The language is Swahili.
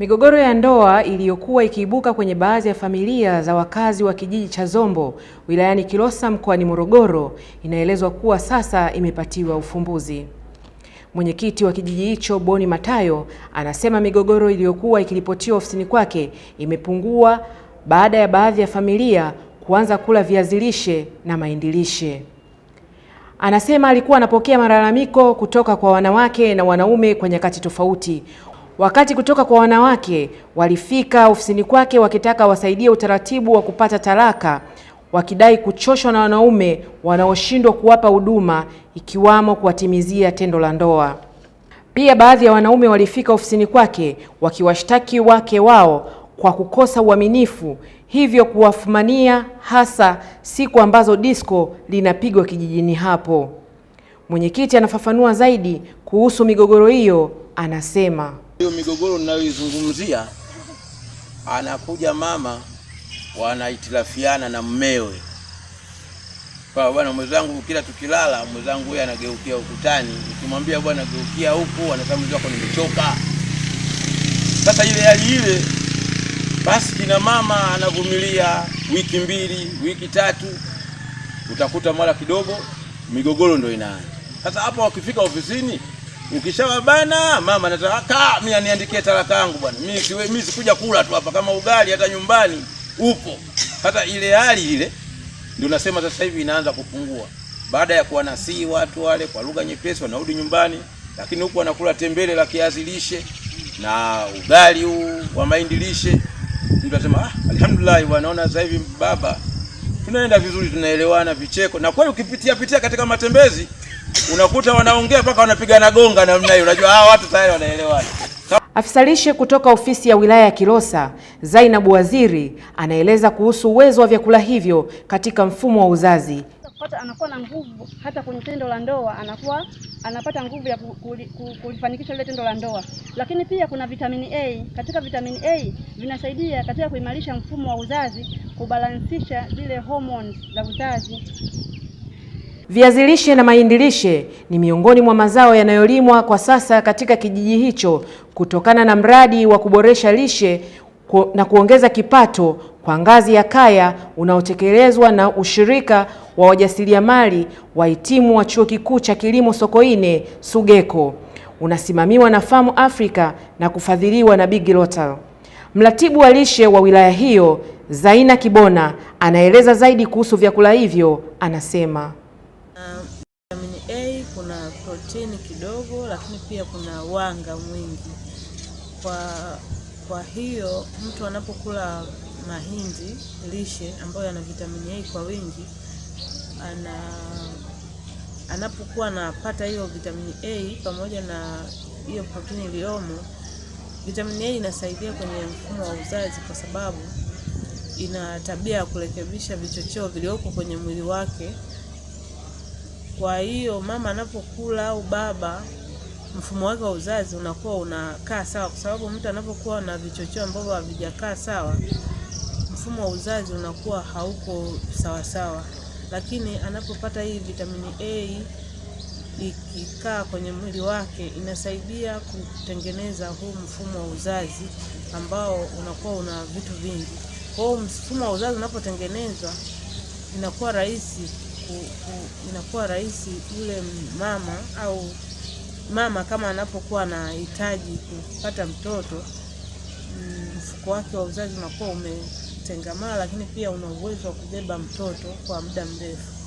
Migogoro ya ndoa iliyokuwa ikiibuka kwenye baadhi ya familia za wakazi wa kijiji cha Zombo wilayani Kilosa mkoani Morogoro inaelezwa kuwa sasa imepatiwa ufumbuzi. Mwenyekiti wa kijiji hicho Boni Matayo anasema migogoro iliyokuwa ikiripotiwa ofisini kwake imepungua baada ya baadhi ya familia kuanza kula viazi lishe na mahindi lishe. Anasema alikuwa anapokea malalamiko kutoka kwa wanawake na wanaume kwa nyakati tofauti, wakati kutoka kwa wanawake walifika ofisini kwake wakitaka wasaidie utaratibu wa kupata talaka, wakidai kuchoshwa na wanaume wanaoshindwa kuwapa huduma ikiwamo kuwatimizia tendo la ndoa. Pia baadhi ya wanaume walifika ofisini kwake wakiwashtaki wake wao kwa kukosa uaminifu, hivyo kuwafumania, hasa siku ambazo disko linapigwa kijijini hapo. Mwenyekiti anafafanua zaidi kuhusu migogoro hiyo, anasema hiyo migogoro ninayoizungumzia, anakuja mama wanaitilafiana na mmewe kwa bwana mwenzangu, kila tukilala mwenzangu huyo anageukia ukutani, ukimwambia bwana geukia huku, anasema wako nimechoka. Sasa ile hali ile, basi kina mama anavumilia wiki mbili, wiki tatu, utakuta mara kidogo migogoro ndio inaanza. Sasa hapo wakifika ofisini Ukishawabana mama, nataka mimi aniandikie talaka yangu bwana, mimi siwe mimi sikuja kula tu hapa kama ugali, hata nyumbani upo. Hata ile hali ile ndio nasema sasa hivi inaanza kupungua, baada ya kuwanasii watu wale kwa lugha nyepesi, wanarudi nyumbani, lakini huko wanakula tembele la kiazi lishe na ugali huu wa mahindi lishe. Mtu anasema ah, alhamdulillah bwana, naona sasa hivi baba tunaenda vizuri, tunaelewana, vicheko na kweli, ukipitia pitia katika matembezi unakuta wanaongea mpaka wanapigana gonga namna hiyo, unajua hawa watu tayari wanaelewa. Afisa lishe kutoka ofisi ya wilaya ya Kilosa, Zainabu Waziri, anaeleza kuhusu uwezo wa vyakula hivyo katika mfumo wa uzazi. Anakuwa na nguvu hata kwenye tendo la ndoa, anakuwa anapata nguvu ya kulifanikisha lile tendo la ndoa. Lakini pia kuna vitamini A. Katika vitamini A vinasaidia katika kuimarisha mfumo wa uzazi, kubalansisha zile hormones za uzazi. Viazi lishe na mahindi lishe ni miongoni mwa mazao yanayolimwa kwa sasa katika kijiji hicho kutokana na mradi wa kuboresha lishe na kuongeza kipato kwa ngazi ya kaya unaotekelezwa na ushirika wa wajasiriamali wahitimu wa Chuo Kikuu cha Kilimo Sokoine SUGECO, unasimamiwa na Farm Africa na kufadhiliwa na Big Lotal. Mratibu wa lishe wa wilaya hiyo Zaina Kibona anaeleza zaidi kuhusu vyakula hivyo, anasema protini kidogo, lakini pia kuna wanga mwingi. Kwa, kwa hiyo mtu anapokula mahindi lishe ambayo yana vitamini A kwa wingi ana anapokuwa anapata hiyo vitamini A pamoja na hiyo protini iliyomo. Vitamini A inasaidia kwenye mfumo wa uzazi kwa sababu ina tabia ya kurekebisha vichocheo vilivyoko kwenye mwili wake. Kwa hiyo mama anapokula au baba, mfumo wake wa uzazi unakuwa unakaa sawa, kwa sababu mtu anapokuwa na vichocheo ambavyo havijakaa sawa, mfumo wa uzazi unakuwa hauko sawasawa sawa. Lakini anapopata hii vitamini A ikikaa kwenye mwili wake inasaidia kutengeneza huu mfumo wa uzazi ambao unakuwa una vitu vingi. Kwa hiyo mfumo wa uzazi unapotengenezwa inakuwa rahisi inakuwa rahisi yule mama au mama kama anapokuwa anahitaji kupata mtoto, mm, mfuko wake wa uzazi unakuwa umetengamaa, lakini pia una uwezo wa kubeba mtoto kwa muda mrefu.